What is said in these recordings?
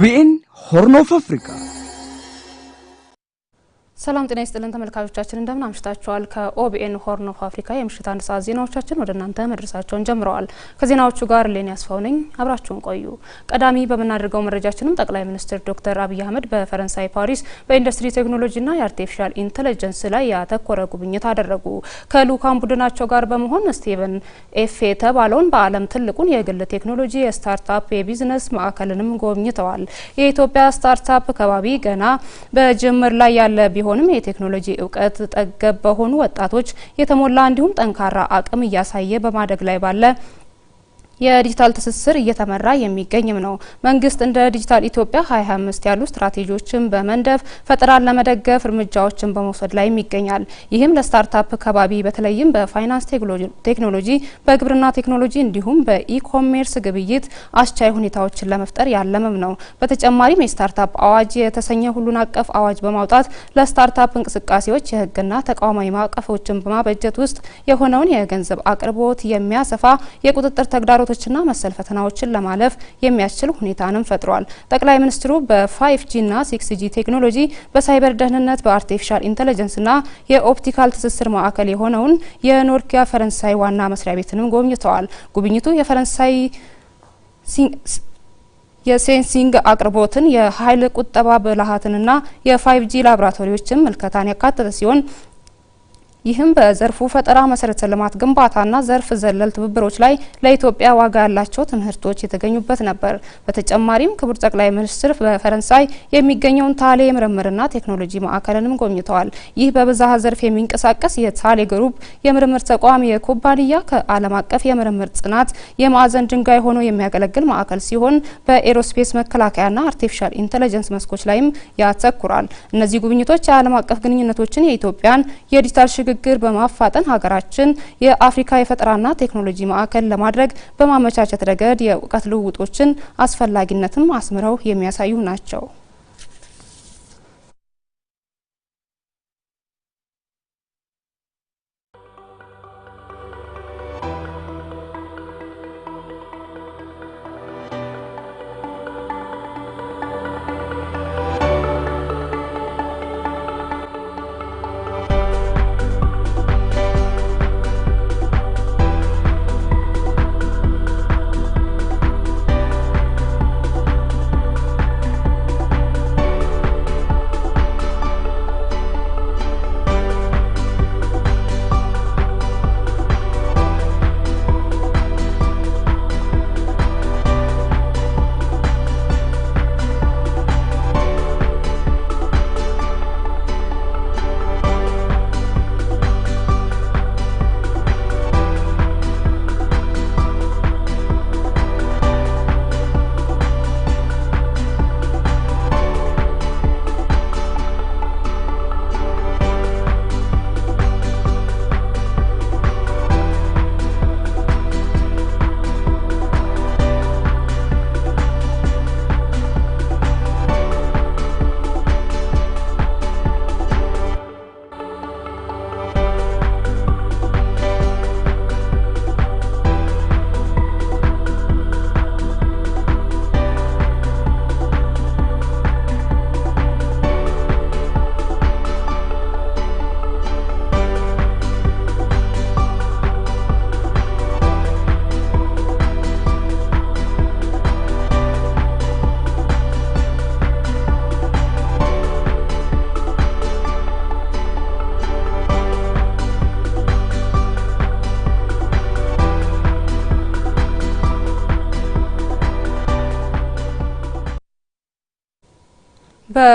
We in Horn of Africa. ሰላም ጤና ይስጥልን ተመልካቾቻችን፣ እንደምን አምሽታችኋል። ከኦቢኤን ሆርን ኦፍ አፍሪካ የምሽት አንድ ሰዓት ዜናዎቻችን ወደ እናንተ መድረሳቸውን ጀምረዋል። ከዜናዎቹ ጋር ሌን ያስፋው ነኝ፣ አብራችሁን ቆዩ። ቀዳሚ በምናደርገው መረጃችንም ጠቅላይ ሚኒስትር ዶክተር አብይ አህመድ በፈረንሳይ ፓሪስ በኢንዱስትሪ ቴክኖሎጂና የአርቲፊሻል ኢንተለጀንስ ላይ ያተኮረ ጉብኝት አደረጉ። ከልኡካን ቡድናቸው ጋር በመሆን ስቴቨን ኤፍ የተባለውን በዓለም ትልቁን የግል ቴክኖሎጂ የስታርታፕ የቢዝነስ ማዕከልንም ጎብኝተዋል። የኢትዮጵያ ስታርታፕ ከባቢ ገና በጅምር ላይ ያለ ቢሆን ቢሆንም የቴክኖሎጂ እውቀት ጠገብ በሆኑ ወጣቶች የተሞላ እንዲሁም ጠንካራ አቅም እያሳየ በማደግ ላይ ባለ የዲጂታል ትስስር እየተመራ የሚገኝም ነው። መንግስት እንደ ዲጂታል ኢትዮጵያ 25 ያሉ ስትራቴጂዎችን በመንደፍ ፈጠራን ለመደገፍ እርምጃዎችን በመውሰድ ላይ ይገኛል። ይህም ለስታርታፕ ከባቢ በተለይም በፋይናንስ ቴክኖሎጂ፣ በግብርና ቴክኖሎጂ እንዲሁም በኢኮሜርስ ግብይት አስቻይ ሁኔታዎችን ለመፍጠር ያለምም ነው። በተጨማሪም የስታርታፕ አዋጅ የተሰኘ ሁሉን አቀፍ አዋጅ በማውጣት ለስታርታፕ እንቅስቃሴዎች የህግና ተቋማዊ ማዕቀፎችን በማበጀት ውስጥ የሆነውን የገንዘብ አቅርቦት የሚያሰፋ የቁጥጥር ተግዳሮ ግዛቶችና መሰል ፈተናዎችን ለማለፍ የሚያስችል ሁኔታንም ፈጥሯል። ጠቅላይ ሚኒስትሩ በፋይቭ ጂና ሲክስ ጂ ቴክኖሎጂ በሳይበር ደህንነት፣ በአርቲፊሻል ኢንተለጀንስና የኦፕቲካል ትስስር ማዕከል የሆነውን የኖርኪያ ፈረንሳይ ዋና መስሪያ ቤትንም ጎብኝተዋል። ጉብኝቱ የፈረንሳይ የሴንሲንግ አቅርቦትን የኃይል ቁጠባ ብልሃትንና የፋይቭ ጂ ላቦራቶሪዎችን ምልከታን ያካተተ ሲሆን ይህም በዘርፉ ፈጠራ፣ መሰረተ ልማት ግንባታና ዘርፍ ዘለል ትብብሮች ላይ ለኢትዮጵያ ዋጋ ያላቸው ትምህርቶች የተገኙበት ነበር። በተጨማሪም ክቡር ጠቅላይ ሚኒስትር በፈረንሳይ የሚገኘውን ታሌ የምርምርና ቴክኖሎጂ ማዕከልንም ጎብኝተዋል። ይህ በብዝሃ ዘርፍ የሚንቀሳቀስ የታሌ ግሩፕ የምርምር ተቋም የኩባንያ ከዓለም አቀፍ የምርምር ጥናት የማዕዘን ድንጋይ ሆኖ የሚያገለግል ማዕከል ሲሆን በኤሮስፔስ መከላከያና አርቲፊሻል ኢንተለጀንስ መስኮች ላይም ያተኩራል። እነዚህ ጉብኝቶች የዓለም አቀፍ ግንኙነቶችን፣ የኢትዮጵያን የዲጂታል ሽግግር ሽግግር በማፋጠን ሀገራችን የአፍሪካ የፈጠራና ቴክኖሎጂ ማዕከል ለማድረግ በማመቻቸት ረገድ የእውቀት ልውውጦችን አስፈላጊነትም አስምረው የሚያሳዩ ናቸው።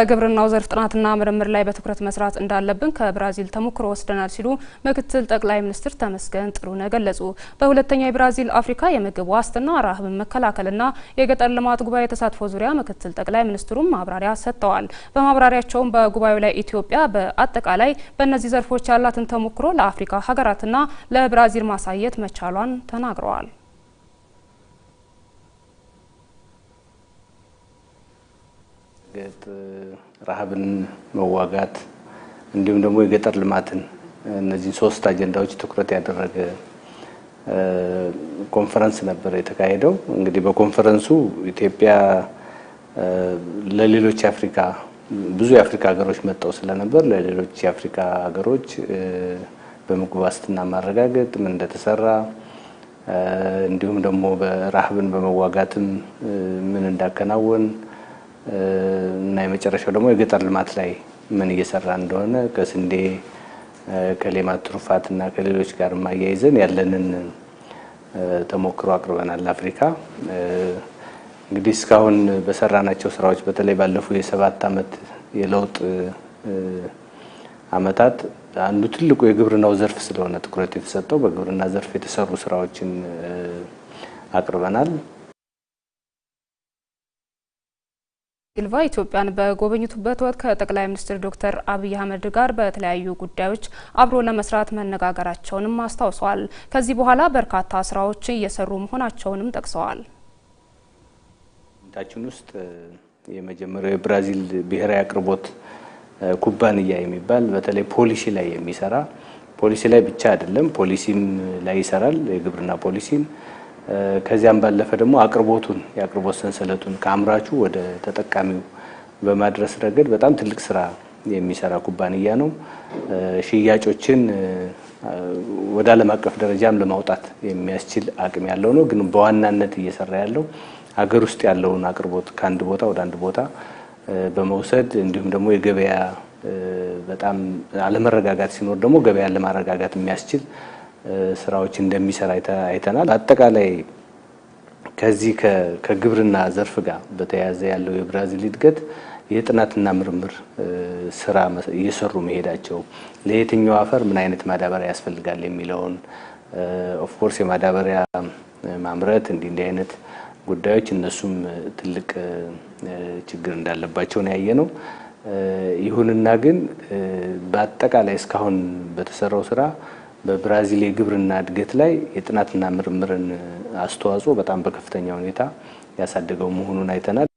በግብርናው ዘርፍ ጥናትና ምርምር ላይ በትኩረት መስራት እንዳለብን ከብራዚል ተሞክሮ ወስደናል ሲሉ ምክትል ጠቅላይ ሚኒስትር ተመስገን ጥሩነህ ገለጹ። በሁለተኛው የብራዚል አፍሪካ የምግብ ዋስትና ረሃብን መከላከልና የገጠር ልማት ጉባኤ ተሳትፎ ዙሪያ ምክትል ጠቅላይ ሚኒስትሩም ማብራሪያ ሰጥተዋል። በማብራሪያቸውም በጉባኤው ላይ ኢትዮጵያ በአጠቃላይ በእነዚህ ዘርፎች ያላትን ተሞክሮ ለአፍሪካ ሀገራትና ለብራዚል ማሳየት መቻሏን ተናግረዋል። ገጥ ረሃብን መዋጋት እንዲሁም ደግሞ የገጠር ልማትን እነዚህን ሶስት አጀንዳዎች ትኩረት ያደረገ ኮንፈረንስ ነበር የተካሄደው። እንግዲህ በኮንፈረንሱ ኢትዮጵያ ለሌሎች አፍሪካ ብዙ የአፍሪካ ሀገሮች መጥተው ስለነበር ለሌሎች የአፍሪካ ሀገሮች በምግብ ዋስትና ማረጋገጥ ምን እንደተሰራ እንዲሁም ደግሞ በረሃብን በመዋጋትም ምን እንዳከናወን እና የመጨረሻው ደግሞ የገጠር ልማት ላይ ምን እየሰራ እንደሆነ ከስንዴ ከሌማት ትሩፋት እና ከሌሎች ጋር ማያይዘን ያለንን ተሞክሮ አቅርበናል። አፍሪካ እንግዲህ እስካሁን በሰራናቸው ስራዎች በተለይ ባለፉ የሰባት አመት የለውጥ አመታት አንዱ ትልቁ የግብርናው ዘርፍ ስለሆነ ትኩረት የተሰጠው በግብርና ዘርፍ የተሰሩ ስራዎችን አቅርበናል። ሲልቫ ኢትዮጵያን በጎበኙትበት ወቅት ከጠቅላይ ሚኒስትር ዶክተር አብይ አህመድ ጋር በተለያዩ ጉዳዮች አብሮ ለመስራት መነጋገራቸውንም አስታውሰዋል። ከዚህ በኋላ በርካታ ስራዎች እየሰሩ መሆናቸውንም ጠቅሰዋል። ታችን ውስጥ የመጀመሪያው የብራዚል ብሔራዊ አቅርቦት ኩባንያ የሚባል በተለይ ፖሊሲ ላይ የሚሰራ ፖሊሲ ላይ ብቻ አይደለም፣ ፖሊሲም ላይ ይሰራል የግብርና ፖሊሲም ከዚያም ባለፈ ደግሞ አቅርቦቱን የአቅርቦት ሰንሰለቱን ከአምራቹ ወደ ተጠቃሚው በማድረስ ረገድ በጣም ትልቅ ስራ የሚሰራ ኩባንያ ነው። ሽያጮችን ወደ ዓለም አቀፍ ደረጃም ለማውጣት የሚያስችል አቅም ያለው ነው። ግን በዋናነት እየሰራ ያለው ሀገር ውስጥ ያለውን አቅርቦት ከአንድ ቦታ ወደ አንድ ቦታ በመውሰድ እንዲሁም ደግሞ የገበያ በጣም አለመረጋጋት ሲኖር ደግሞ ገበያን ለማረጋጋት የሚያስችል ስራዎች እንደሚሰራ አይተናል። አጠቃላይ ከዚህ ከግብርና ዘርፍ ጋር በተያያዘ ያለው የብራዚል እድገት የጥናትና ምርምር ስራ እየሰሩ መሄዳቸው ለየትኛው አፈር ምን አይነት ማዳበሪያ ያስፈልጋል የሚለውን ኦፍኮርስ የማዳበሪያ ማምረት እንዲህ እንዲህ አይነት ጉዳዮች እነሱም ትልቅ ችግር እንዳለባቸውን ያየ ነው። ይሁንና ግን በአጠቃላይ እስካሁን በተሰራው ስራ በብራዚል የግብርና እድገት ላይ የጥናትና ምርምርን አስተዋጽኦ በጣም በከፍተኛ ሁኔታ ያሳደገው መሆኑን አይተናል።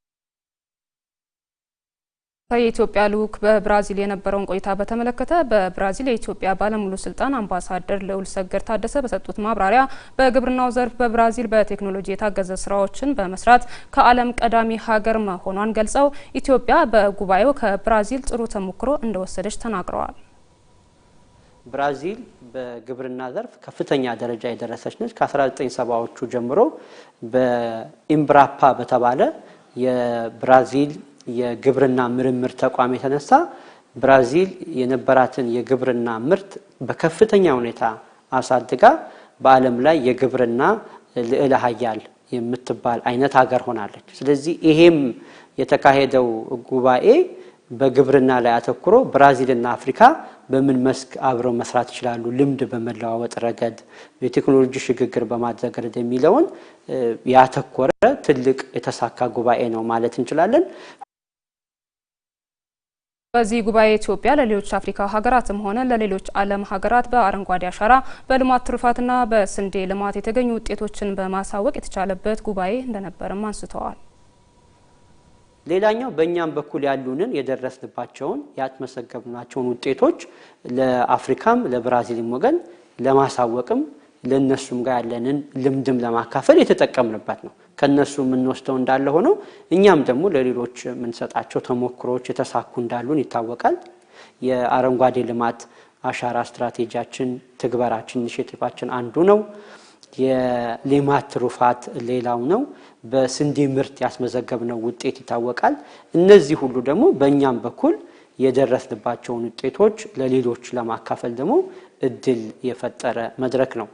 የኢትዮጵያ ልዑክ በብራዚል የነበረውን ቆይታ በተመለከተ በብራዚል የኢትዮጵያ ባለሙሉ ስልጣን አምባሳደር ልዑል ሰገድ ታደሰ በሰጡት ማብራሪያ በግብርናው ዘርፍ በብራዚል በቴክኖሎጂ የታገዘ ስራዎችን በመስራት ከዓለም ቀዳሚ ሀገር መሆኗን ገልጸው ኢትዮጵያ በጉባኤው ከብራዚል ጥሩ ተሞክሮ እንደወሰደች ተናግረዋል። ብራዚል በግብርና ዘርፍ ከፍተኛ ደረጃ የደረሰች ነች። ከ1970ዎቹ ጀምሮ በኢምብራፓ በተባለ የብራዚል የግብርና ምርምር ተቋም የተነሳ ብራዚል የነበራትን የግብርና ምርት በከፍተኛ ሁኔታ አሳድጋ በዓለም ላይ የግብርና ልዕለ ሀያል የምትባል አይነት ሀገር ሆናለች። ስለዚህ ይሄም የተካሄደው ጉባኤ በግብርና ላይ አተኩሮ ብራዚልና አፍሪካ በምን መስክ አብረው መስራት ይችላሉ፣ ልምድ በመለዋወጥ ረገድ የቴክኖሎጂ ሽግግር በማድረግ ረገድ የሚለውን ያተኮረ ትልቅ የተሳካ ጉባኤ ነው ማለት እንችላለን። በዚህ ጉባኤ ኢትዮጵያ ለሌሎች አፍሪካ ሀገራትም ሆነ ለሌሎች ዓለም ሀገራት በአረንጓዴ አሻራ በልማት ትሩፋትና በስንዴ ልማት የተገኙ ውጤቶችን በማሳወቅ የተቻለበት ጉባኤ እንደነበርም አንስተዋል። ሌላኛው በእኛም በኩል ያሉንን የደረስንባቸውን ያትመሰገብናቸውን ውጤቶች ለአፍሪካም ለብራዚልም ወገን ለማሳወቅም ለእነሱም ጋር ያለንን ልምድም ለማካፈል የተጠቀምንበት ነው። ከእነሱ የምንወስደው እንዳለ ሆኖ እኛም ደግሞ ለሌሎች የምንሰጣቸው ተሞክሮዎች የተሳኩ እንዳሉን ይታወቃል። የአረንጓዴ ልማት አሻራ ስትራቴጂያችን ትግበራችን ኢኒሽቲቫችን አንዱ ነው። የሌማት ትሩፋት ሌላው ነው። በስንዴ ምርት ያስመዘገብነው ውጤት ይታወቃል። እነዚህ ሁሉ ደግሞ በእኛም በኩል የደረስንባቸውን ውጤቶች ለሌሎች ለማካፈል ደግሞ እድል የፈጠረ መድረክ ነው።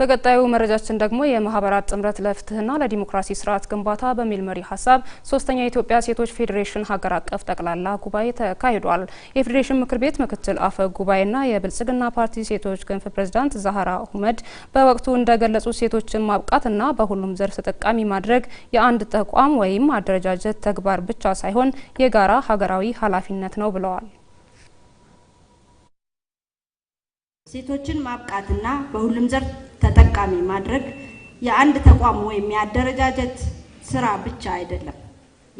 በቀጣዩ መረጃችን ደግሞ የማህበራት ጥምረት ለፍትህና ለዲሞክራሲ ስርዓት ግንባታ በሚል መሪ ሀሳብ ሶስተኛ የኢትዮጵያ ሴቶች ፌዴሬሽን ሀገር አቀፍ ጠቅላላ ጉባኤ ተካሂዷል። የፌዴሬሽን ምክር ቤት ምክትል አፈ ጉባኤና የብልጽግና ፓርቲ ሴቶች ክንፍ ፕሬዚዳንት ዛህራ ሁመድ በወቅቱ እንደገለጹት ሴቶችን ማብቃትና በሁሉም ዘርፍ ተጠቃሚ ማድረግ የአንድ ተቋም ወይም አደረጃጀት ተግባር ብቻ ሳይሆን የጋራ ሀገራዊ ኃላፊነት ነው ብለዋል። ሴቶችን ማብቃትና በሁሉም ዘርፍ ተጠቃሚ ማድረግ የአንድ ተቋም ወይም የአደረጃጀት ስራ ብቻ አይደለም፣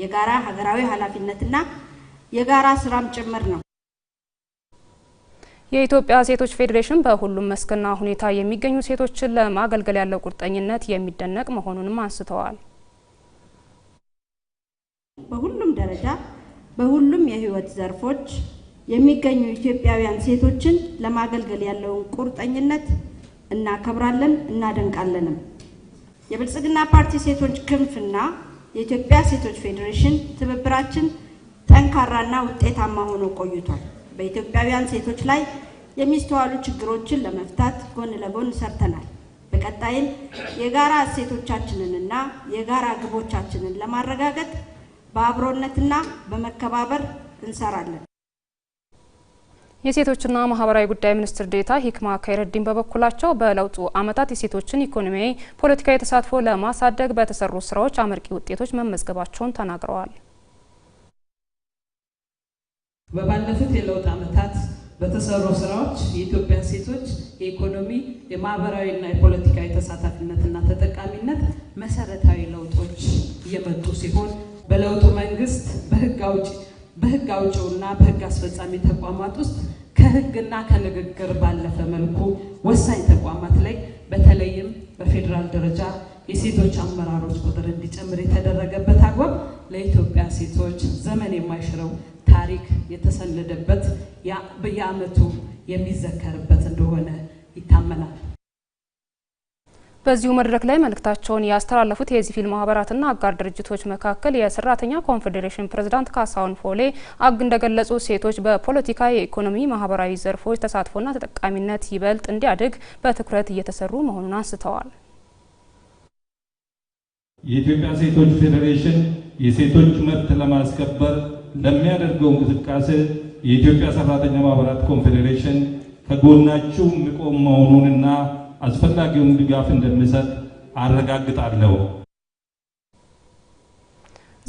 የጋራ ሀገራዊ ኃላፊነትና የጋራ ስራም ጭምር ነው። የኢትዮጵያ ሴቶች ፌዴሬሽን በሁሉም መስክና ሁኔታ የሚገኙ ሴቶችን ለማገልገል ያለው ቁርጠኝነት የሚደነቅ መሆኑንም አንስተዋል። በሁሉም ደረጃ በሁሉም የህይወት ዘርፎች የሚገኙ ኢትዮጵያውያን ሴቶችን ለማገልገል ያለውን ቁርጠኝነት እናከብራለን፣ እናደንቃለንም። የብልጽግና ፓርቲ ሴቶች ክንፍና የኢትዮጵያ ሴቶች ፌዴሬሽን ትብብራችን ጠንካራና ውጤታማ ሆኖ ቆይቷል። በኢትዮጵያውያን ሴቶች ላይ የሚስተዋሉ ችግሮችን ለመፍታት ጎን ለጎን ሰርተናል። በቀጣይም የጋራ እሴቶቻችንንና የጋራ ግቦቻችንን ለማረጋገጥ በአብሮነትና በመከባበር እንሰራለን። የሴቶችና ማህበራዊ ጉዳይ ሚኒስትር ዴታ ሂክማ ከይረዲን በበኩላቸው በለውጡ አመታት የሴቶችን ኢኮኖሚያዊ፣ ፖለቲካዊ ተሳትፎ ለማሳደግ በተሰሩ ስራዎች አመርቂ ውጤቶች መመዝገባቸውን ተናግረዋል። በባለፉት የለውጥ ዓመታት በተሰሩ ስራዎች የኢትዮጵያ ሴቶች የኢኮኖሚ፣ የማህበራዊና የፖለቲካዊ ተሳታፊነትና ተጠቃሚነት መሰረታዊ ለውጦች እየመጡ ሲሆን በለውጡ መንግስት በህግ አውጪ በህግ አውጪውና በህግ አስፈጻሚ ተቋማት ውስጥ ከህግና ከንግግር ባለፈ መልኩ ወሳኝ ተቋማት ላይ በተለይም በፌዴራል ደረጃ የሴቶች አመራሮች ቁጥር እንዲጨምር የተደረገበት አግባብ ለኢትዮጵያ ሴቶች ዘመን የማይሽረው ታሪክ የተሰነደበት በየዓመቱ የሚዘከርበት እንደሆነ ይታመናል። በዚሁ መድረክ ላይ መልእክታቸውን ያስተላለፉት የሲቪል ማህበራትና አጋር ድርጅቶች መካከል የሰራተኛ ኮንፌዴሬሽን ፕሬዝዳንት ካሳሁን ፎሌ አግ እንደገለጹ ሴቶች በፖለቲካ፣ የኢኮኖሚ፣ ማህበራዊ ዘርፎች ተሳትፎና ተጠቃሚነት ይበልጥ እንዲያድግ በትኩረት እየተሰሩ መሆኑን አንስተዋል። የኢትዮጵያ ሴቶች ፌዴሬሽን የሴቶች መብት ለማስከበር ለሚያደርገው እንቅስቃሴ የኢትዮጵያ ሰራተኛ ማህበራት ኮንፌዴሬሽን ከጎናችሁ የሚቆም መሆኑንና አስፈላጊውን ድጋፍ እንደምሰጥ አረጋግጣለሁ።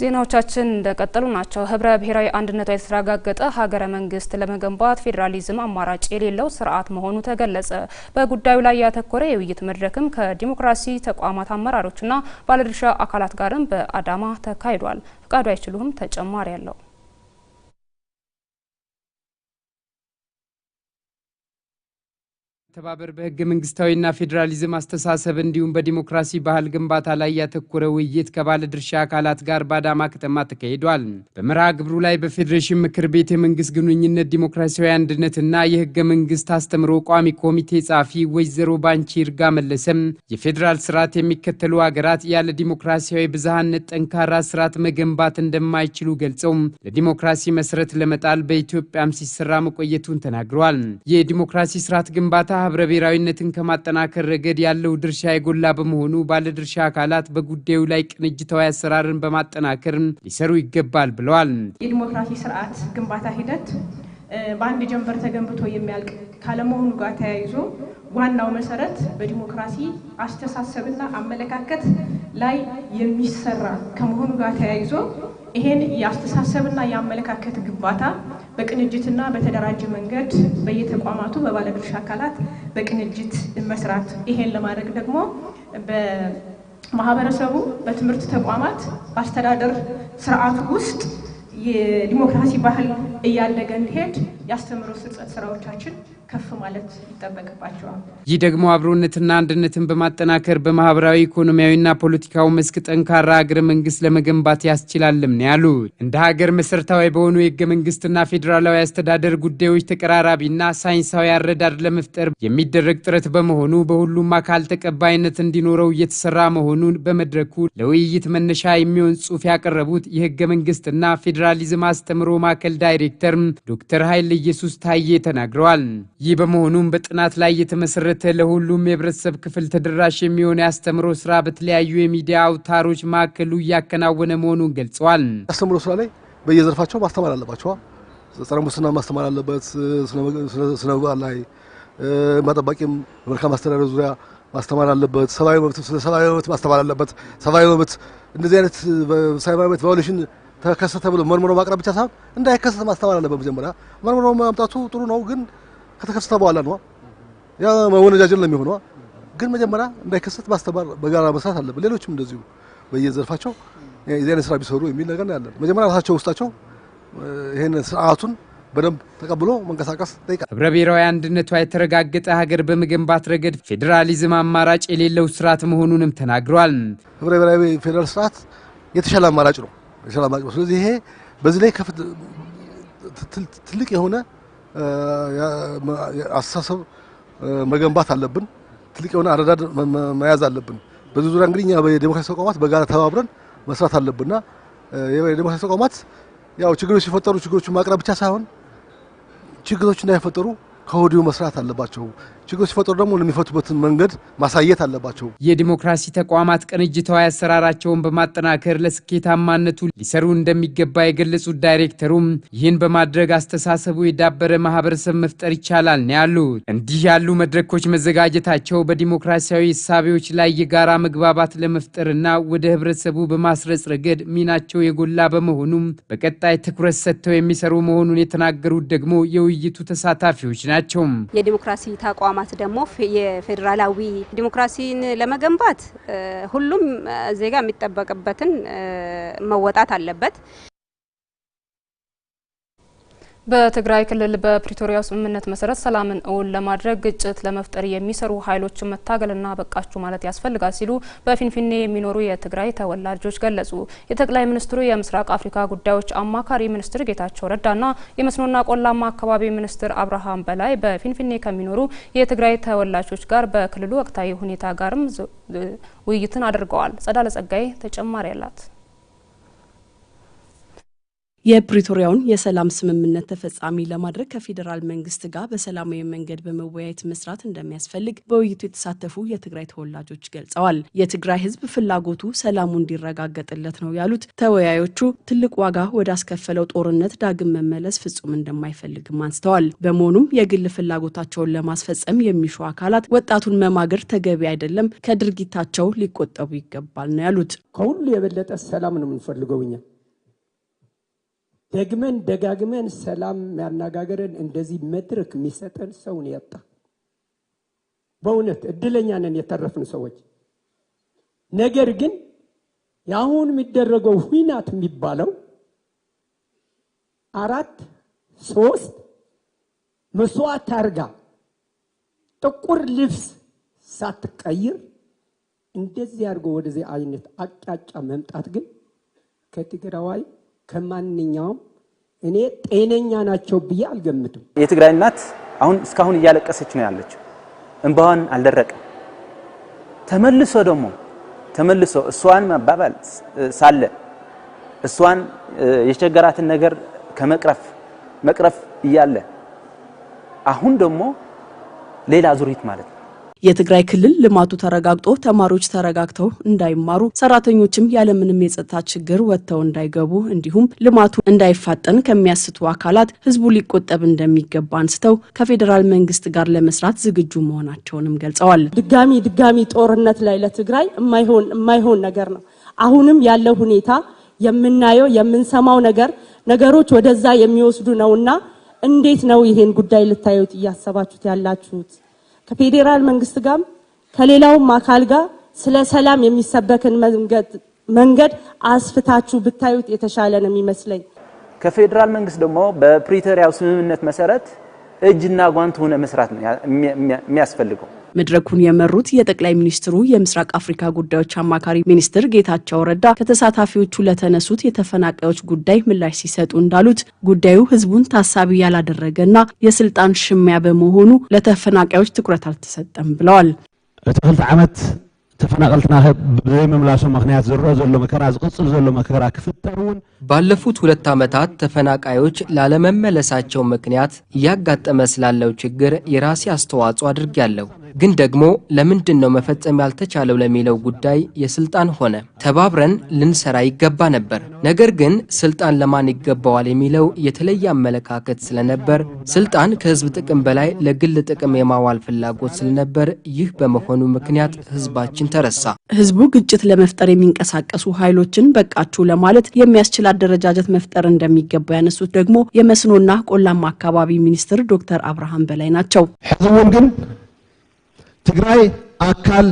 ዜናዎቻችን እንደቀጠሉ ናቸው። ህብረ ብሔራዊ አንድነቷ የተረጋገጠ ሀገረ መንግስት ለመገንባት ፌዴራሊዝም አማራጭ የሌለው ስርዓት መሆኑ ተገለጸ። በጉዳዩ ላይ ያተኮረ የውይይት መድረክም ከዲሞክራሲ ተቋማት አመራሮችና ባለድርሻ አካላት ጋርም በአዳማ ተካሂዷል። ፍቃዱ አይችሉም ተጨማሪ ያለው መተባበር በህገ መንግስታዊና ፌዴራሊዝም አስተሳሰብ እንዲሁም በዲሞክራሲ ባህል ግንባታ ላይ ያተኮረ ውይይት ከባለ ድርሻ አካላት ጋር በአዳማ ከተማ ተካሂዷል። በመርሃ ግብሩ ላይ በፌዴሬሽን ምክር ቤት የመንግስት ግንኙነት ዲሞክራሲያዊ አንድነትና የህገ መንግስት አስተምሮ ቋሚ ኮሚቴ ጸሐፊ ወይዘሮ ባንቺ ይርጋ መለሰም የፌዴራል ስርዓት የሚከተሉ ሀገራት ያለ ዲሞክራሲያዊ ብዝሃነት ጠንካራ ስርዓት መገንባት እንደማይችሉ ገልጸው ለዲሞክራሲ መሰረት ለመጣል በኢትዮጵያም ሲሰራ መቆየቱን ተናግረዋል። የዲሞክራሲ ስርዓት ግንባታ ህብረ ብሔራዊነትን ከማጠናከር ረገድ ያለው ድርሻ የጎላ በመሆኑ ባለድርሻ አካላት በጉዳዩ ላይ ቅንጅታዊ አሰራርን በማጠናከር ሊሰሩ ይገባል ብለዋል። የዲሞክራሲ ስርዓት ግንባታ ሂደት በአንድ ጀንበር ተገንብቶ የሚያልቅ ካለመሆኑ ጋር ተያይዞ ዋናው መሰረት በዲሞክራሲ አስተሳሰብና አመለካከት ላይ የሚሰራ ከመሆኑ ጋር ተያይዞ ይሄን የአስተሳሰብና የአመለካከት ግንባታ በቅንጅትና በተደራጀ መንገድ በየተቋማቱ በባለድርሻ አካላት በቅንጅት መስራት፣ ይሄን ለማድረግ ደግሞ በማህበረሰቡ፣ በትምህርት ተቋማት፣ በአስተዳደር ስርዓቱ ውስጥ የዲሞክራሲ ባህል እያደገ እንዲሄድ የአስተምህሮ ስርጸት ስራዎቻችን ከፍ ማለት ይጠበቅባቸዋል። ይህ ደግሞ አብሮነትና አንድነትን በማጠናከር በማህበራዊ ኢኮኖሚያዊና ፖለቲካዊ መስክ ጠንካራ ሀገረ መንግስት ለመገንባት ያስችላልም ነው ያሉት። እንደ ሀገር መሰረታዊ በሆኑ የህገ መንግስትና ፌዴራላዊ አስተዳደር ጉዳዮች ተቀራራቢና ሳይንሳዊ አረዳድ ለመፍጠር የሚደረግ ጥረት በመሆኑ በሁሉም አካል ተቀባይነት እንዲኖረው እየተሰራ መሆኑን በመድረኩ ለውይይት መነሻ የሚሆን ጽሁፍ ያቀረቡት የህገ መንግስትና ፌዴራሊዝም አስተምሮ ማዕከል ዳይሬክተር ዶክተር ሀይል ኢየሱስ ታዬ ተናግረዋል። ይህ በመሆኑም በጥናት ላይ የተመሰረተ ለሁሉም የህብረተሰብ ክፍል ተደራሽ የሚሆን የአስተምሮ ስራ በተለያዩ የሚዲያ አውታሮች ማዕከሉ እያከናወነ መሆኑን ገልጸዋል። አስተምሮ ስራ ላይ በየዘርፋቸው ማስተማር አለባቸዋ። ጸረ ሙስና ማስተማር አለበት። ስነ ምግባር ላይ ማጠባቂም በመልካም አስተዳደር ዙሪያ ማስተማር አለበት። ሰብአዊ መብት ስለ ሰብአዊ መብት ማስተማር አለበት። ሰብአዊ መብት እንደዚህ አይነት ሰብአዊ መብት ቫዮሌሽን ተከሰተ ብሎ መርምሮ ማቅረብ ብቻ ሳይሆን እንዳይከሰት ማስተማር አለበት። መጀመሪያ መርምሮ ማምጣቱ ጥሩ ነው፣ ግን ከተከሰተ በኋላ ነው ያ መወነጃጀል ነው የሚሆነው። ግን መጀመሪያ እንዳይከሰት ማስተማር በጋራ መስራት አለበት። ሌሎችም እንደዚሁ በየዘርፋቸው የዚህ ስራ ቢሰሩ የሚል ነገር ያለን መጀመሪያ ራሳቸው ውስጣቸው ይሄን ስርዓቱን በደንብ ተቀብሎ መንቀሳቀስ ጠይቃል። ህብረ ብሔራዊ አንድነቷ የተረጋገጠ ሀገር በመገንባት ረገድ ፌዴራሊዝም አማራጭ የሌለው ስርዓት መሆኑንም ተናግሯል። ህብረ ብሔራዊ ፌዴራል ስርዓት የተሻለ አማራጭ ነው። የሰላም አቅም። ስለዚህ ይሄ በዚህ ላይ ትልቅ የሆነ አስተሳሰብ መገንባት አለብን። ትልቅ የሆነ አረዳድ መያዝ አለብን። በዚህ ዙሪያ እንግዲህ እኛ የዴሞክራሲ ተቋማት በጋራ ተባብረን መስራት አለብንና የዴሞክራሲ ተቋማት ያው ችግሮች ሲፈጠሩ ችግሮችን ማቅረብ ብቻ ሳይሆን ችግሮች እንዳይፈጠሩ ከወዲሁ መስራት አለባቸው። ችግር ሲፈጥሩ ደግሞ ለሚፈቱበትን መንገድ ማሳየት አለባቸው። የዲሞክራሲ ተቋማት ቅንጅታዊ አሰራራቸውን በማጠናከር ለስኬታማነቱ ሊሰሩ እንደሚገባ የገለጹት ዳይሬክተሩም ይህን በማድረግ አስተሳሰቡ የዳበረ ማህበረሰብ መፍጠር ይቻላል ነው ያሉት። እንዲህ ያሉ መድረኮች መዘጋጀታቸው በዲሞክራሲያዊ እሳቤዎች ላይ የጋራ መግባባት ለመፍጠርና ወደ ህብረተሰቡ በማስረጽ ረገድ ሚናቸው የጎላ በመሆኑም በቀጣይ ትኩረት ሰጥተው የሚሰሩ መሆኑን የተናገሩት ደግሞ የውይይቱ ተሳታፊዎች ናቸው። የዲሞክራሲ ተቋም ተቋማት ደግሞ የፌዴራላዊ ዲሞክራሲን ለመገንባት ሁሉም ዜጋ የሚጠበቅበትን መወጣት አለበት። በትግራይ ክልል በፕሪቶሪያው ስምምነት መሰረት ሰላምን እውን ለማድረግ ግጭት ለመፍጠር የሚሰሩ ኃይሎችን መታገልና በቃችሁ ማለት ያስፈልጋል ሲሉ በፊንፊኔ የሚኖሩ የትግራይ ተወላጆች ገለጹ። የጠቅላይ ሚኒስትሩ የምስራቅ አፍሪካ ጉዳዮች አማካሪ ሚኒስትር ጌታቸው ረዳና የመስኖና ቆላማ አካባቢ ሚኒስትር አብርሃም በላይ በፊንፊኔ ከሚኖሩ የትግራይ ተወላጆች ጋር በክልሉ ወቅታዊ ሁኔታ ጋርም ውይይትን አድርገዋል። ጸዳለ ጸጋይ ተጨማሪ አላት። የፕሪቶሪያውን የሰላም ስምምነት ተፈጻሚ ለማድረግ ከፌዴራል መንግስት ጋር በሰላማዊ መንገድ በመወያየት መስራት እንደሚያስፈልግ በውይይቱ የተሳተፉ የትግራይ ተወላጆች ገልጸዋል። የትግራይ ህዝብ ፍላጎቱ ሰላሙ እንዲረጋገጥለት ነው ያሉት ተወያዮቹ ትልቅ ዋጋ ወደ አስከፈለው ጦርነት ዳግም መመለስ ፍጹም እንደማይፈልግም አንስተዋል። በመሆኑም የግል ፍላጎታቸውን ለማስፈጸም የሚሹ አካላት ወጣቱን መማገር ተገቢ አይደለም፣ ከድርጊታቸው ሊቆጠቡ ይገባል ነው ያሉት። ከሁሉ የበለጠ ሰላም ነው የምንፈልገው እኛ ደግመን ደጋግመን ሰላም ያነጋገረን እንደዚህ መድረክ የሚሰጠን ነው ያጣ በእውነት እድለኛ ነን የተረፍን ሰዎች። ነገር ግን የአሁን የሚደረገው ሁናት የሚባለው አራት ሶስት መስዋዕት አርጋ ጥቁር ልብስ ሳትቀይር እንደዚህ አድርጎ ወደዚህ አይነት አቅጣጫ መምጣት ግን ከትግራዋይ ከማንኛውም እኔ ጤነኛ ናቸው ብዬ አልገምትም። የትግራይ እናት አሁን እስካሁን እያለቀሰች ነው ያለችው፣ እንባዋን አልደረቀም። ተመልሶ ደግሞ ተመልሶ እሷን መባባል ሳለ እሷን የቸገራትን ነገር ከመቅረፍ መቅረፍ እያለ አሁን ደግሞ ሌላ ዙሪት ማለት ነው የትግራይ ክልል ልማቱ ተረጋግጦ ተማሪዎች ተረጋግተው እንዳይማሩ፣ ሰራተኞችም ያለምንም የጸጥታ ችግር ወጥተው እንዳይገቡ፣ እንዲሁም ልማቱ እንዳይፋጠን ከሚያስቱ አካላት ህዝቡ ሊቆጠብ እንደሚገባ አንስተው ከፌዴራል መንግስት ጋር ለመስራት ዝግጁ መሆናቸውንም ገልጸዋል። ድጋሚ ድጋሚ ጦርነት ላይ ለትግራይ የማይሆን የማይሆን ነገር ነው። አሁንም ያለው ሁኔታ የምናየው የምንሰማው ነገር ነገሮች ወደዛ የሚወስዱ ነውና እንዴት ነው ይሄን ጉዳይ ልታዩት እያሰባችሁት ያላችሁት? ከፌዴራል መንግስት ጋር ከሌላውም አካል ጋር ስለ ሰላም የሚሰበክን መንገድ አስፍታችሁ ብታዩት የተሻለ ነው የሚመስለኝ። ከፌዴራል መንግስት ደግሞ በፕሪቶሪያው ስምምነት መሰረት እጅና ጓንት ሆነ መስራት ነው የሚያስፈልገው። መድረኩን የመሩት የጠቅላይ ሚኒስትሩ የምስራቅ አፍሪካ ጉዳዮች አማካሪ ሚኒስትር ጌታቸው ረዳ ከተሳታፊዎቹ ለተነሱት የተፈናቃዮች ጉዳይ ምላሽ ሲሰጡ እንዳሉት ጉዳዩ ህዝቡን ታሳቢ ያላደረገና የስልጣን ሽሚያ በመሆኑ ለተፈናቃዮች ትኩረት አልተሰጠም ብለዋል። እቲ ክልተ ዓመት ተፈናቀልትና ብዘይምምላሶ ምክንያት ዝረአ ዘሎ መከራ ዝቅፅል ዘሎ መከራ ክፍጠር እውን ባለፉት ሁለት ዓመታት ተፈናቃዮች ላለመመለሳቸው ምክንያት እያጋጠመ ስላለው ችግር የራሴ አስተዋጽኦ አድርጌያለሁ። ግን ደግሞ ለምንድን ነው መፈጸም ያልተቻለው ለሚለው ጉዳይ የስልጣን ሆነ ተባብረን ልንሰራ ይገባ ነበር። ነገር ግን ስልጣን ለማን ይገባዋል የሚለው የተለየ አመለካከት ስለነበር፣ ስልጣን ከህዝብ ጥቅም በላይ ለግል ጥቅም የማዋል ፍላጎት ስለነበር፣ ይህ በመሆኑ ምክንያት ህዝባችን ተረሳ። ህዝቡ ግጭት ለመፍጠር የሚንቀሳቀሱ ኃይሎችን በቃችሁ ለማለት የሚያስችል አደረጃጀት መፍጠር እንደሚገባ ያነሱት ደግሞ የመስኖና ቆላማ አካባቢ ሚኒስትር ዶክተር አብርሃም በላይ ናቸው። ህዝቡን ግን ትግራይ አካል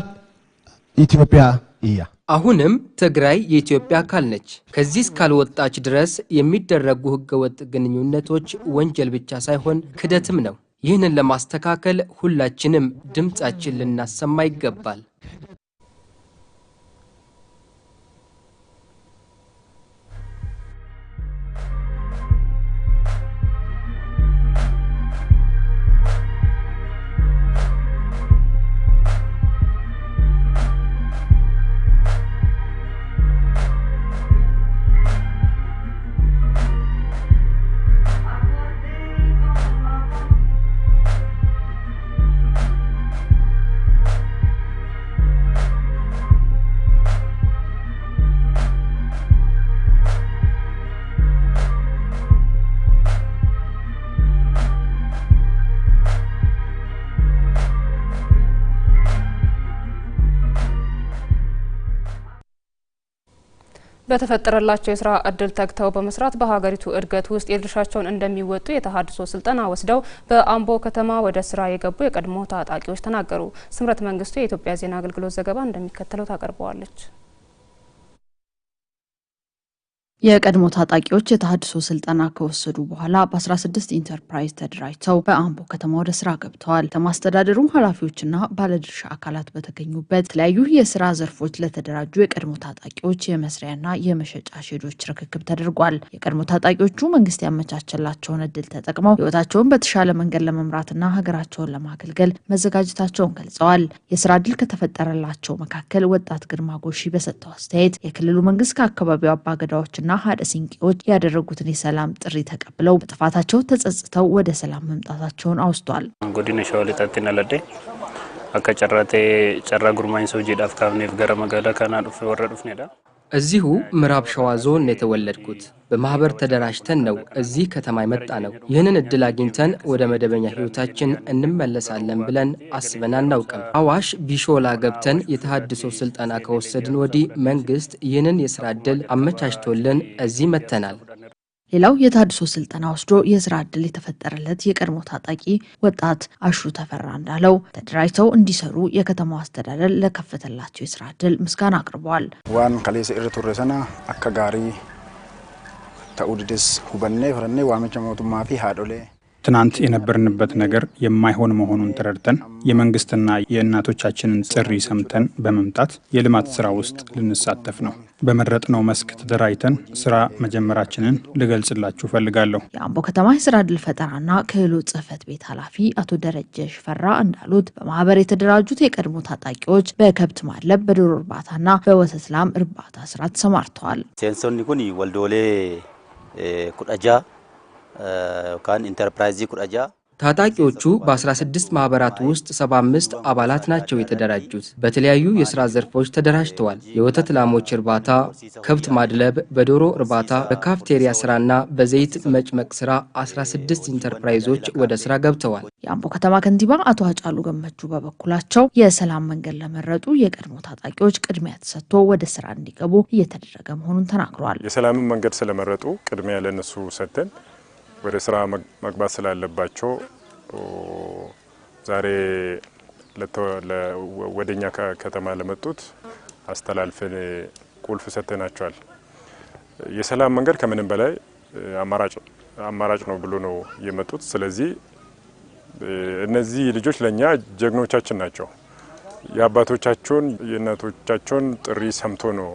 ኢትዮጵያ እያ አሁንም ትግራይ የኢትዮጵያ አካል ነች። ከዚህ እስካልወጣች ድረስ የሚደረጉ ህገወጥ ግንኙነቶች ወንጀል ብቻ ሳይሆን ክደትም ነው። ይህንን ለማስተካከል ሁላችንም ድምፃችን ልናሰማ ይገባል። ለተፈጠረላቸው የስራ እድል ተግተው በመስራት በሀገሪቱ እድገት ውስጥ የድርሻቸውን እንደሚወጡ የተሀድሶ ስልጠና ወስደው በአምቦ ከተማ ወደ ስራ የገቡ የቀድሞ ታጣቂዎች ተናገሩ። ስምረት መንግስቱ የኢትዮጵያ ዜና አገልግሎት ዘገባ እንደሚከተለው ታቀርበዋለች። የቀድሞ ታጣቂዎች የተሃድሶ ስልጠና ከወሰዱ በኋላ በ16 ኢንተርፕራይዝ ተደራጅተው በአምቦ ከተማ ወደ ስራ ገብተዋል። ከተማ ኃላፊዎችና ባለድርሻ አካላት በተገኙበት የተለያዩ የስራ ዘርፎች ለተደራጁ የቀድሞ ታጣቂዎች የመስሪያና የመሸጫ ሼዶች ርክክብ ተደርጓል። የቀድሞ ታጣቂዎቹ መንግስት ያመቻቸላቸውን እድል ተጠቅመው ህይወታቸውን በተሻለ መንገድ ለመምራትና ሀገራቸውን ለማገልገል መዘጋጀታቸውን ገልጸዋል። የስራ እድል ከተፈጠረላቸው መካከል ወጣት ግርማ ጎሺ በሰጠው አስተያየት የክልሉ መንግስት ከአካባቢው አባገዳዎችና ሀደ ሲንቄዎች ያደረጉትን የሰላም ጥሪ ተቀብለው በጥፋታቸው ተጸጽተው ወደ ሰላም መምጣታቸውን አውስቷል። ጎዲነ ሸዋሊጣትን አለደ አካ ጨራቴ ጨራ ጉርማኝ ሰው ጂዳፍ ካብኔፍ ገረ ከና ዱፍ ወረ ኔዳ እዚሁ ምዕራብ ሸዋ ዞን የተወለድኩት። በማህበር ተደራጅተን ነው እዚህ ከተማ የመጣ ነው። ይህንን እድል አግኝተን ወደ መደበኛ ህይወታችን እንመለሳለን ብለን አስበን አናውቅም። አዋሽ ቢሾላ ገብተን የተሃድሶ ስልጠና ከወሰድን ወዲህ መንግስት ይህንን የስራ እድል አመቻችቶልን እዚህ መጥተናል። ሌላው የታድሶ ስልጠና ወስዶ የስራ ዕድል የተፈጠረለት የቀድሞ ታጣቂ ወጣት አሹ ተፈራ እንዳለው ተደራጅተው እንዲሰሩ የከተማው አስተዳደር ለከፈተላቸው የስራ ዕድል ምስጋና አቅርበዋል። ዋን ከሌሰ እር ቱሬ ሰና ተኡድድስ ሁበኔ ፍረኔ ዋመቸ ሞቱማ ፊ ሀዶሌ ትናንት የነበርንበት ነገር የማይሆን መሆኑን ተረድተን የመንግስትና የእናቶቻችንን ጥሪ ሰምተን በመምጣት የልማት ስራ ውስጥ ልንሳተፍ ነው። በመረጥነው መስክ ተደራጅተን ስራ መጀመራችንን ልገልጽላችሁ ፈልጋለሁ። የአምቦ ከተማ የስራ ዕድል ፈጠራና ክህሎት ጽህፈት ቤት ኃላፊ አቶ ደረጀ ሽፈራ እንዳሉት በማህበር የተደራጁት የቀድሞ ታጣቂዎች በከብት ማድለብ፣ በዶሮ እርባታና በወተት ላም እርባታ ስራ ተሰማርተዋል። ሴንሶኒ ኩኒ ወልዶሌ ኩዳጃ ኢንተርፕራይዚ ኩዳጃ ታጣቂዎቹ በ16 ማህበራት ውስጥ 75 አባላት ናቸው የተደራጁት። በተለያዩ የስራ ዘርፎች ተደራጅተዋል። የወተት ላሞች እርባታ፣ ከብት ማድለብ፣ በዶሮ እርባታ፣ በካፍቴሪያ ስራና በዘይት መጭመቅ ስራ 16 ኢንተርፕራይዞች ወደ ስራ ገብተዋል። የአምቦ ከተማ ከንቲባ አቶ አጫሉ ገመቹ በበኩላቸው የሰላም መንገድ ለመረጡ የቀድሞ ታጣቂዎች ቅድሚያ ተሰጥቶ ወደ ስራ እንዲገቡ እየተደረገ መሆኑን ተናግረዋል። የሰላምን መንገድ ስለመረጡ ቅድሚያ ለነሱ ሰጥተን ወደ ስራ መግባት ስላለባቸው ዛሬ ወደኛ ከተማ ለመጡት አስተላልፍን ቁልፍ ሰጥተናቸዋል። የሰላም መንገድ ከምንም በላይ አማራጭ ነው ብሎ ነው የመጡት። ስለዚህ እነዚህ ልጆች ለእኛ ጀግኖቻችን ናቸው። የአባቶቻቸውን የእናቶቻቸውን ጥሪ ሰምቶ ነው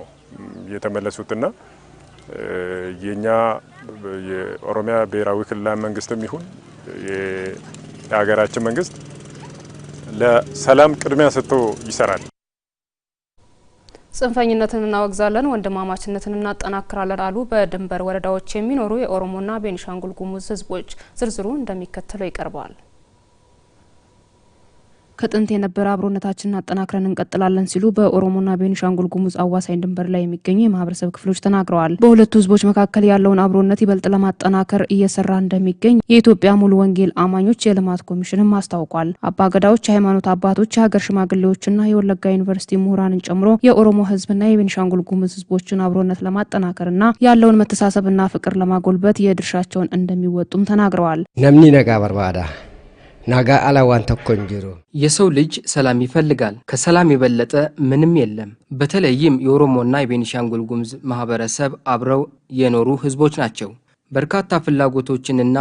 የተመለሱትና የእኛ የኦሮሚያ ብሔራዊ ክልላዊ መንግስትም ይሁን የሀገራችን መንግስት ለሰላም ቅድሚያ ሰጥቶ ይሰራል። ጽንፈኝነትን እናወግዛለን፣ ወንድማማችነትን እናጠናክራለን አሉ በድንበር ወረዳዎች የሚኖሩ የኦሮሞና ቤኒሻንጉል ጉሙዝ ህዝቦች። ዝርዝሩ እንደሚከተለው ይቀርባል። ከጥንት የነበረ አብሮነታችንን አጠናክረን እንቀጥላለን ሲሉ በኦሮሞና ቤኒሻንጉል ጉሙዝ አዋሳኝ ድንበር ላይ የሚገኙ የማህበረሰብ ክፍሎች ተናግረዋል። በሁለቱ ህዝቦች መካከል ያለውን አብሮነት ይበልጥ ለማጠናከር እየሰራ እንደሚገኝ የኢትዮጵያ ሙሉ ወንጌል አማኞች የልማት ኮሚሽንም አስታውቋል። አባገዳዎች፣ የሃይማኖት አባቶች፣ የሀገር ሽማግሌዎችና የወለጋ ዩኒቨርሲቲ ምሁራንን ጨምሮ የኦሮሞ ህዝብና የቤኒሻንጉል ጉሙዝ ህዝቦችን አብሮነት ለማጠናከርና ያለውን መተሳሰብና ፍቅር ለማጎልበት የድርሻቸውን እንደሚወጡም ተናግረዋል። ነምኒ ነጋ በርባዳ ናጋ አላዋን ተኮን ጅሩ የሰው ልጅ ሰላም ይፈልጋል። ከሰላም የበለጠ ምንም የለም። በተለይም የኦሮሞና የቤኒሻንጉል ጉምዝ ማህበረሰብ አብረው የኖሩ ህዝቦች ናቸው። በርካታ ፍላጎቶችንና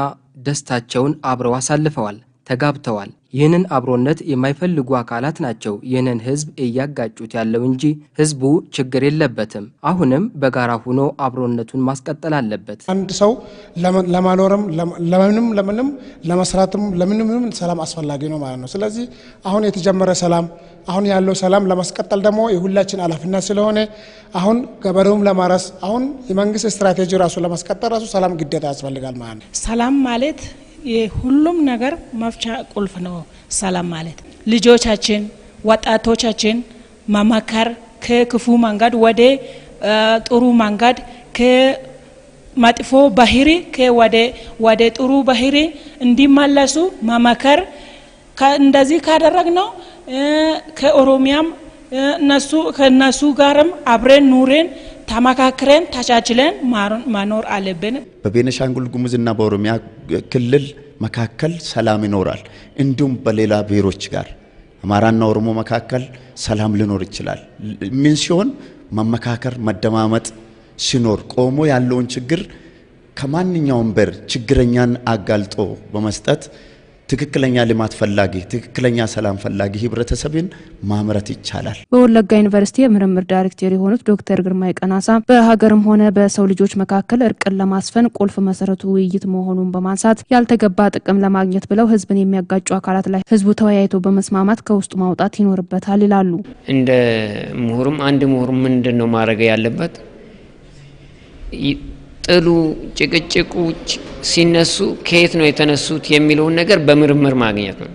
ደስታቸውን አብረው አሳልፈዋል። ተጋብተዋል። ይህንን አብሮነት የማይፈልጉ አካላት ናቸው ይህንን ህዝብ እያጋጩት ያለው እንጂ ህዝቡ ችግር የለበትም። አሁንም በጋራ ሆኖ አብሮነቱን ማስቀጠል አለበት። አንድ ሰው ለማኖርም ለምንም ለምንም ለመስራትም ለምንም ሰላም አስፈላጊ ነው ማለት ነው። ስለዚህ አሁን የተጀመረ ሰላም አሁን ያለው ሰላም ለማስቀጠል ደግሞ የሁላችን ኃላፊነት ስለሆነ አሁን ገበሬውም ለማረስ አሁን የመንግስት ስትራቴጂ ራሱ ለማስቀጠል ራሱ ሰላም ግዴታ ያስፈልጋል ማለት ነው። ሰላም ማለት የሁሉም ነገር መፍቻ ቁልፍ ነው ሰላም ማለት። ልጆቻችን፣ ወጣቶቻችን መመከር ከክፉ መንገድ ወደ ጥሩ መንገድ ከመጥፎ ባህሪ ወደ ጥሩ ባህሪ እንዲመለሱ መመከር። እንደዚህ ካደረግነው ከኦሮሚያም እነሱ ከነሱ ጋርም አብረን ኑሬን ተመካክረን ተቻችለን መኖር አለብን። ጉሙዝ ጉሙዝና በኦሮሚያ ክልል መካከል ሰላም ይኖራል። እንዲሁም በሌላ ብሔሮች ጋር አማራና ኦሮሞ መካከል ሰላም ሊኖር ይችላል። ምን ሲሆን መመካከር፣ መደማመጥ ሲኖር ቆሞ ያለውን ችግር ከማንኛውም በር ችግረኛን አጋልጦ በመስጠት ትክክለኛ ልማት ፈላጊ ትክክለኛ ሰላም ፈላጊ ህብረተሰብን ማምረት ይቻላል። በወለጋ ዩኒቨርሲቲ የምርምር ዳይሬክተር የሆኑት ዶክተር ግርማይ ቀናሳ በሀገርም ሆነ በሰው ልጆች መካከል እርቅን ለማስፈን ቁልፍ መሰረቱ ውይይት መሆኑን በማንሳት ያልተገባ ጥቅም ለማግኘት ብለው ህዝብን የሚያጋጩ አካላት ላይ ህዝቡ ተወያይቶ በመስማማት ከውስጡ ማውጣት ይኖርበታል ይላሉ። እንደ ምሁርም አንድ ምሁር ምንድን ነው ማድረግ ያለበት? ጥሉ፣ ጭቅጭቁ ሲነሱ ከየት ነው የተነሱት የሚለውን ነገር በምርምር ማግኘት ነው።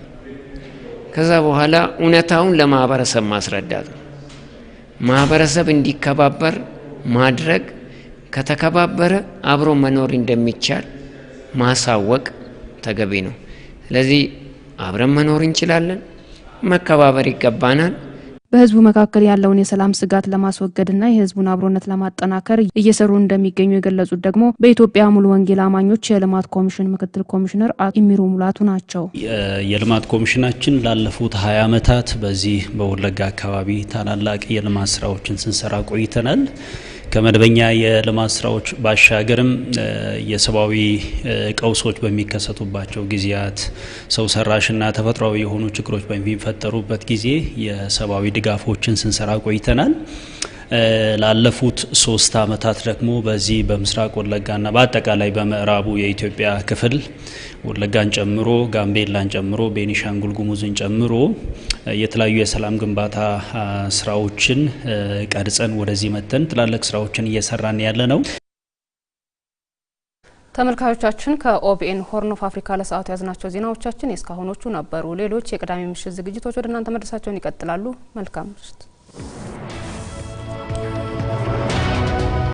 ከዛ በኋላ እውነታውን ለማህበረሰብ ማስረዳት ነው። ማህበረሰብ እንዲከባበር ማድረግ፣ ከተከባበረ አብሮ መኖር እንደሚቻል ማሳወቅ ተገቢ ነው። ስለዚህ አብረን መኖር እንችላለን፣ መከባበር ይገባናል። በህዝቡ መካከል ያለውን የሰላም ስጋት ለማስወገድና የህዝቡን አብሮነት ለማጠናከር እየሰሩ እንደሚገኙ የገለጹት ደግሞ በኢትዮጵያ ሙሉ ወንጌል አማኞች የልማት ኮሚሽን ምክትል ኮሚሽነር ኢሚሩ ሙላቱ ናቸው። የልማት ኮሚሽናችን ላለፉት ሀያ ዓመታት በዚህ በወለጋ አካባቢ ታላላቅ የልማት ስራዎችን ስንሰራ ቆይተናል። ከመደበኛ የልማት ስራዎች ባሻገርም የሰብአዊ ቀውሶች በሚከሰቱባቸው ጊዜያት ሰው ሰራሽና ተፈጥሯዊ የሆኑ ችግሮች በሚፈጠሩበት ጊዜ የሰብአዊ ድጋፎችን ስንሰራ ቆይተናል። ላለፉት ሶስት አመታት ደግሞ በዚህ በምስራቅ ወለጋና በአጠቃላይ በምዕራቡ የኢትዮጵያ ክፍል ወለጋን ጨምሮ ጋምቤላን ጨምሮ ቤኒሻንጉል ጉሙዝን ጨምሮ የተለያዩ የሰላም ግንባታ ስራዎችን ቀርጸን ወደዚህ መተን ትላልቅ ስራዎችን እየሰራን ያለ ነው። ተመልካቾቻችን ከኦቢኤን ሆርን ኦፍ አፍሪካ ለሰዓቱ ያዝናቸው ዜናዎቻችን የእስካሁኖቹ ነበሩ። ሌሎች የቅዳሜ ምሽት ዝግጅቶች ወደ እናንተ መድረሳቸውን ይቀጥላሉ። መልካም ምሽት።